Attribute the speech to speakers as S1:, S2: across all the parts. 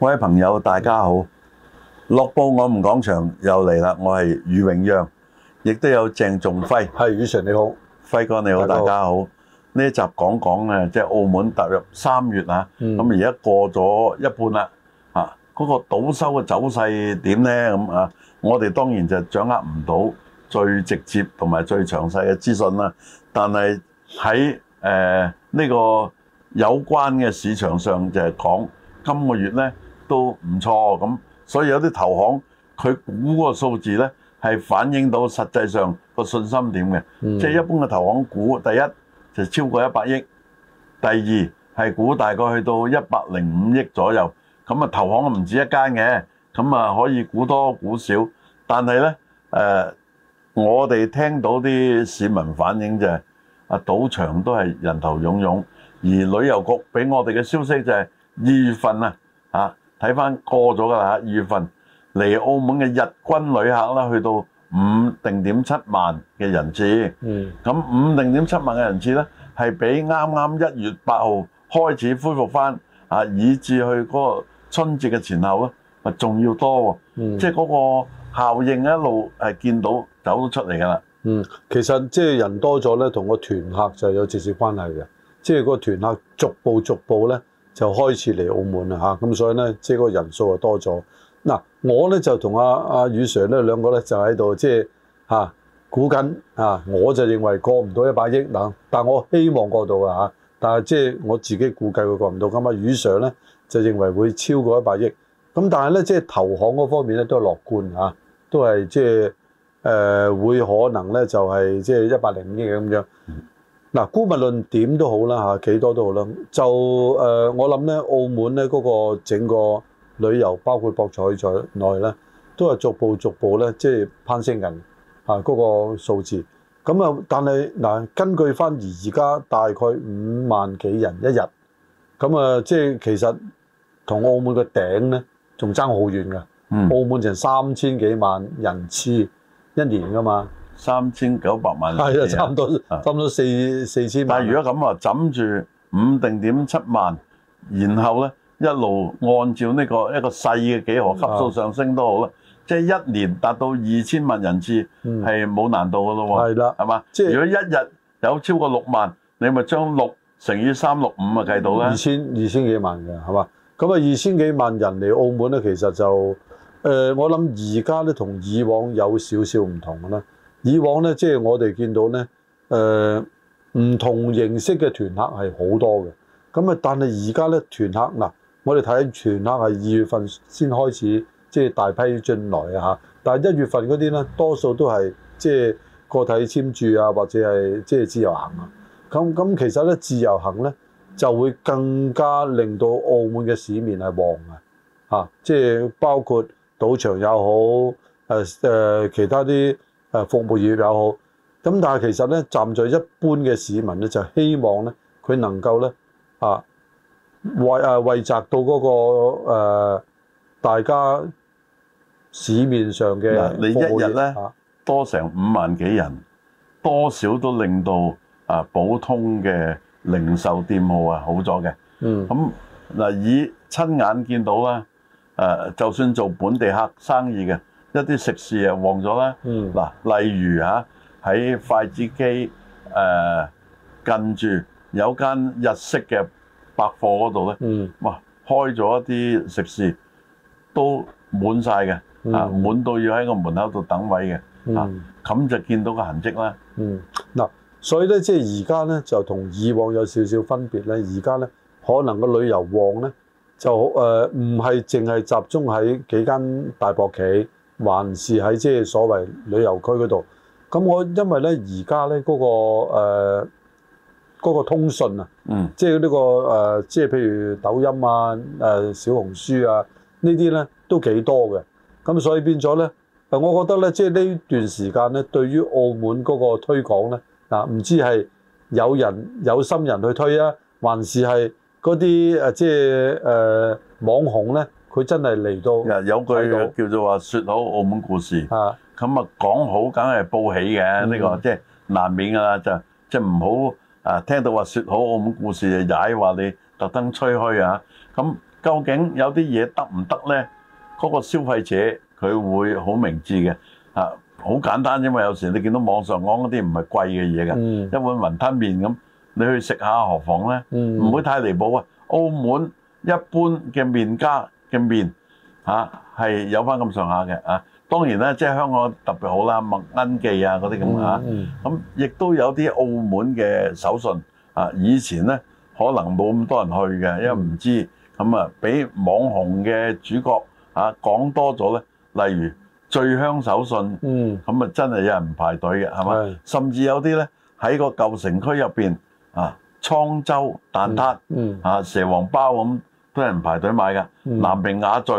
S1: 各位朋友，大家好！《樂報我們講場》又嚟啦，我係余榮讓，亦都有鄭仲輝。係余 Sir 你好，輝哥你好，大家好。呢一集講講咧，即係澳門踏入三月、嗯、啊，咁而家過咗一半啦，嗰個賭收嘅走勢點呢？咁啊，我哋當然就掌握唔到最直接同埋最詳細嘅資訊啦，但係喺誒呢個有關嘅市場上就係講今個月呢。都唔錯咁，所以有啲投行佢估嗰個數字咧，係反映到實際上個信心點嘅。即係一般嘅投行估，第一就超過一百億，第二係估大概去到一百零五億左右。咁啊，投行唔止一間嘅，咁啊可以估多估少。但係咧，誒，我哋聽到啲市民反映就係啊，賭場都係人頭湧湧，而旅遊局俾我哋嘅消息就係二月份啊，啊！睇翻過咗㗎啦，二月份嚟澳門嘅日均旅客咧，去到五定點七萬嘅人次。嗯。咁五定點七萬嘅人次咧，係比啱啱一月八號開始恢復翻啊，以至去嗰個春節嘅前後咧，咪仲要多喎。嗯，即係嗰個效應一路係見到走咗出嚟㗎啦。嗯，
S2: 其實即係人多咗咧，同個團客就有直接關係嘅。即係個團客逐步逐步咧。就開始嚟澳門啦嚇，咁所以咧，即係個人數啊多咗。嗱，我咧就同阿阿余 Sir 咧兩個咧就喺度即係嚇估緊啊，我就認為過唔到一百億啦、啊，但我希望過到啊，但係即係我自己估計佢過唔到咁嘛。余 Sir 咧就認為會超過一百億，咁、啊、但係咧即係投行嗰方面咧都係樂觀啊，都係即係誒會可能咧就係即係一百零五億咁樣。嗱、啊，估密論點都好啦，嚇、啊、幾多都好啦。就誒、呃，我諗咧，澳門咧嗰個整個旅遊，包括博彩在內咧，都係逐步逐步咧，即、就、係、是、攀升緊嚇嗰個數字。咁啊，但係嗱、啊，根據翻而家大概五萬幾人一日，咁啊，啊，即係其實同澳門嘅頂咧，仲爭好遠㗎。嗯、澳門成三千幾萬人次一年㗎嘛。三千九百萬，係啊，差唔多，差唔多四四千萬、啊。但如果咁啊，枕住五定點七萬，
S1: 然後咧一路按照呢、這個一個細嘅幾何級數上升都好啦。即係是的 一年達到二千萬人次係冇難度嘅咯喎，係啦的，係嘛吧？即係如果一日有超過六萬，你咪將六乘以三六五咪計到啦。二千
S2: 二千幾萬嘅係嘛？咁啊，二千幾萬人嚟澳門咧，其實就誒、呃，我諗而家咧同以往有少少唔同嘅啦。以往咧，即係我哋見到咧，誒唔同形式嘅團客係好多嘅。咁啊，但係而家咧團客嗱，我哋睇團客係二月份先開始即係大批進來啊！嚇，但係一月份嗰啲咧，多數都係即係個體簽注啊，或者係即係自由行啊。咁咁其實咧，自由行咧就會更加令到澳門嘅市面係旺嘅嚇，即係包括賭場又好誒誒其他啲。誒服務業又好，咁但係其實咧，站在一般嘅市民咧，就希望咧，佢能夠咧，啊，為誒惠澤到嗰個誒大家市面上嘅。嗱，你一日咧
S1: 多成五萬幾人，多少都令到啊，普通嘅零售店鋪啊，好咗嘅。嗯。咁嗱，以親眼見到啦，誒，就算做本地客生意嘅。一啲食肆了、嗯、啊，旺咗啦。嗱，例如吓，喺筷子基誒近住有間日式嘅百貨嗰度咧，嗯、哇，開咗一啲食肆都滿晒嘅，嗯、啊，滿到要喺個門口度等位嘅。啊，咁、嗯、就見到個痕跡啦。嗯，
S2: 嗱，所以咧即係而家咧就同以往有少少分別咧。而家咧可能個旅遊旺咧就誒唔係淨係集中喺幾間大博企。還是喺即係所謂旅遊區嗰度，咁我因為咧而家咧嗰個誒、呃嗰個、通訊啊，嗯，即係呢、呢個誒、呃，即係譬如抖音啊、誒、呃、小紅書啊呢啲呢啲咧都幾多嘅，咁所以變咗咧，但我覺得咧，即係呢段時間咧，對於澳門嗰個推廣咧，嗱唔知係有人有心人去推啊，還是係嗰啲誒即係誒、呃、網紅咧？佢真係嚟到，有句
S1: 叫做話説好澳門故事，咁啊講好梗係報喜嘅呢個，即係難免㗎啦，就即係唔好啊聽到話説好澳門故事就踩話你特登吹噓啊！咁究竟有啲嘢得唔得呢？嗰個消費者佢會好明智嘅啊，好簡單啫嘛，因為有時你見到網上講嗰啲唔係貴嘅嘢㗎，一碗雲吞麵咁，你去食下何況呢？唔會太離譜啊！澳門一般嘅麵家。嘅麵啊係有翻咁上下嘅啊，當然啦即係香港特別好啦，麥恩記啊嗰啲咁啊，咁亦都有啲澳門嘅手信啊，以前呢，可能冇咁多人去嘅，嗯、因為唔知咁啊，俾網紅嘅主角啊講多咗呢，例如醉香手信，咁啊、嗯、真係有人排隊嘅係咪？甚至有啲呢，喺個舊城區入邊啊，蒼州蛋撻啊、嗯嗯、蛇王包咁。都係唔排隊買㗎，嗯、南平屏雅聚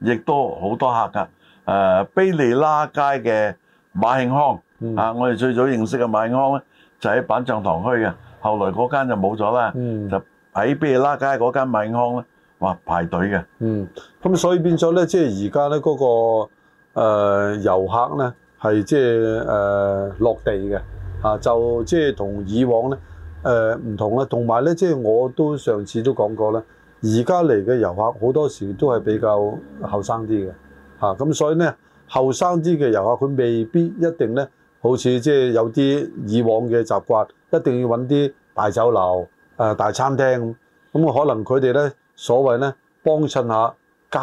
S1: 亦都好多客㗎。誒、呃，卑利拉街嘅馬慶康、嗯、啊，我哋最早認識嘅馬慶康咧，就喺、是、板樟堂區嘅，後來嗰間就冇咗啦，嗯、就喺卑利拉街嗰間
S2: 馬慶康咧，哇排隊嘅。嗯，咁所以變咗咧，即係而家咧嗰個誒、呃、遊客咧係即係誒落地嘅啊，就即係同以往咧誒唔同啦，同埋咧即係我都上次都講過啦。而家嚟嘅遊客好多時都係比較後生啲嘅，嚇咁所以呢後生啲嘅遊客佢未必一定呢，好似即係有啲以往嘅習慣，一定要揾啲大酒樓、誒大餐廳咁。咁可能佢哋呢所謂呢幫襯下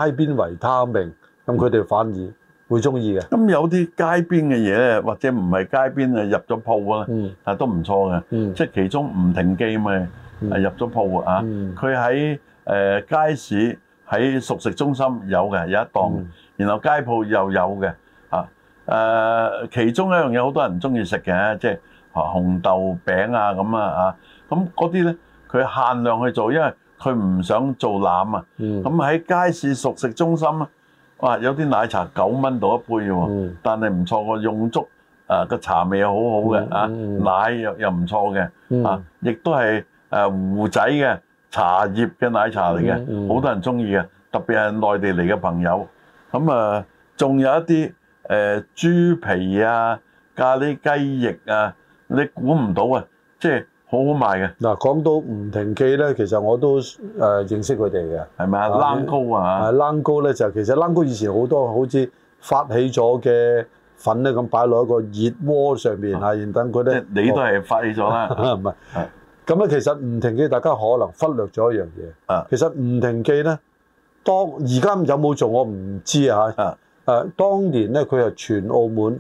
S2: 街邊維他命，咁佢哋反而會中意嘅。咁有啲街邊嘅嘢呢，或者唔係街邊啊，入咗鋪啊，
S1: 啊都唔錯嘅，即係其中唔停機啊嘛，係入咗鋪啊，佢喺。誒街市喺熟食中心有嘅，有一檔，然後街鋪又有嘅，啊誒其中一樣嘢好多人中意食嘅，即係紅豆餅啊咁啊，啊咁嗰啲咧，佢限量去做，因為佢唔想做攬啊。咁喺街市熟食中心，哇有啲奶茶九蚊到一杯㗎喎，但係唔錯嘅，用足誒個茶味又好好嘅，啊奶又又唔錯嘅，啊亦都係誒糊仔嘅。茶葉嘅奶茶嚟嘅，好多人中意嘅，特別係內地嚟嘅朋友。咁啊，仲有一啲誒豬皮啊，咖喱雞翼啊，你估
S2: 唔到啊，即係好好賣嘅。嗱，講到吳廷記咧，其實我都誒認識佢哋嘅，係咪啊？冷糕啊，係冷糕咧就其實冷糕以前好多好似發起咗嘅粉咧咁擺落一個熱鍋上面啊，然後等佢咧，即係你都係
S1: 發起咗啦，唔
S2: 係。咁咧，其實吳廷記大家可能忽略咗一樣嘢。啊，其實吳廷記咧，當而家有冇做我唔知啊嚇。啊，當年咧佢係全澳門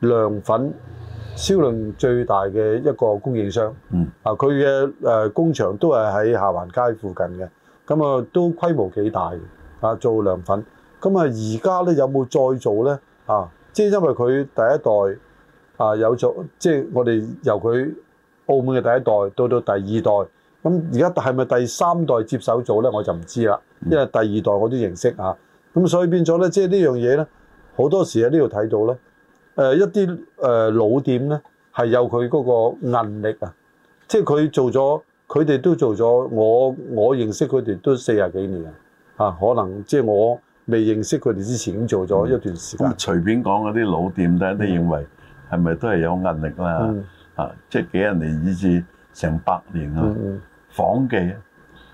S2: 涼粉銷量最大嘅一個供應商。嗯。啊，佢嘅誒工場都係喺下環街附近嘅，咁啊都規模幾大。啊，做涼粉。咁啊，而家咧有冇再做咧？啊，即係因為佢第一代啊有咗，即係我哋由佢。澳門嘅第一代到到第二代，咁而家係咪第三代接手做呢？我就唔知啦，因為第二代我都認識啊。咁所以變咗呢，即係呢樣嘢呢，好多時喺呢度睇到呢。誒、呃、一啲誒、呃、老店呢，係有佢嗰個韌力啊，即係佢做咗，佢哋都做咗，我我認識佢哋都四十幾年啊，可能即係我未認識佢哋之前已經做咗一段時間。咁、
S1: 嗯、隨便講嗰啲老店，大家認為係咪都係有韌力啦？嗯啊！即係幾十年以至成百年啊！嗯、仿記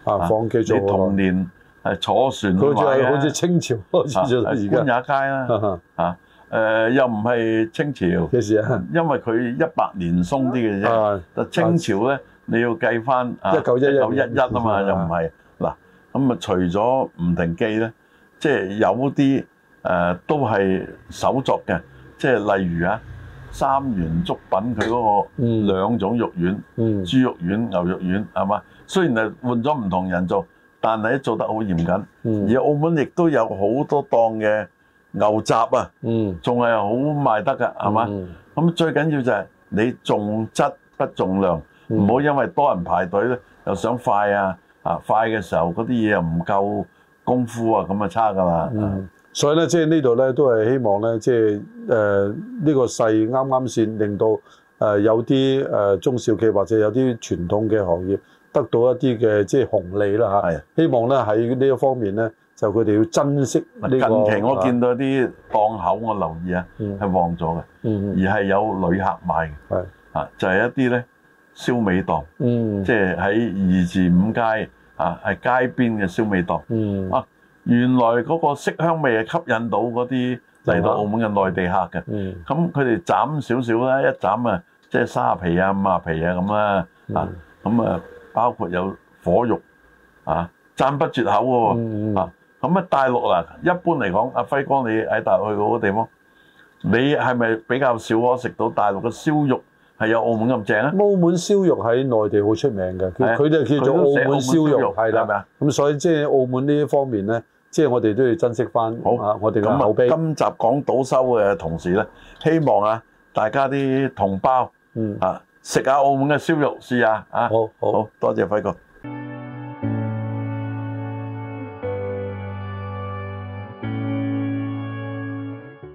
S1: 啊！仿記做你童年係坐船、啊，佢就係好似
S2: 清朝，而家官也街啦、啊、嚇。誒、啊
S1: 啊呃、又唔係清朝幾時啊？因為佢一百年鬆啲嘅啫。啊、清朝咧，啊、你要計翻一九一一啊一九一一，嘛，又唔係嗱。咁啊，不啊除咗唔停記咧，即係有啲誒、啊、都係手作嘅，即係例如啊。三元粥品佢嗰個兩種肉丸，嗯嗯、豬肉丸、牛肉丸，係嘛？雖然係換咗唔同人做，但係做得好嚴謹。嗯、而澳門亦都有好多檔嘅牛雜啊，仲係好賣得㗎，係嘛？咁、嗯、最緊要就係你重質不重量，唔好、嗯、因為多人排隊咧又想快啊！啊快嘅時候嗰啲嘢又唔夠功夫啊，咁啊差㗎喇～
S2: 、嗯所以咧，即係呢度咧，都係希望咧，即係誒呢個勢啱啱先令到誒有啲誒中小企或者有啲傳統嘅行業得到一啲嘅即係紅利啦嚇。係啊，希望咧喺呢一方面咧，就佢哋要珍惜呢個近期我見
S1: 到啲檔口，啊，我留意啊，係旺咗嘅，嗯，而係有旅客買嘅，啊，就係一啲咧燒味檔，即係喺二至五街啊，係街邊嘅燒味檔啊。原來嗰個色香味係吸引到嗰啲嚟到澳門嘅內地客嘅，咁佢哋斬少少啦，一斬啊皮啊，即係三啊皮啊五、嗯、啊皮啊咁啦，啊咁啊包括有火肉啊，讚不絕口喎，嗯、啊咁啊大陸嗱，一般嚟講，阿輝哥你喺大陸去到嘅地方，你係咪比較少可食到大陸嘅燒肉？係有澳門咁
S2: 正啊！澳門燒肉喺內地好出名嘅，佢哋叫做澳門燒肉，係啦。係咪啊？咁所以即係澳門呢一方面咧，即係我哋都要珍惜翻啊。好，我哋嘅口碑，今集講倒收嘅同時咧，希望啊大家啲同胞，嗯啊，
S1: 食下澳門嘅燒肉試下啊。好好，好，多謝輝哥。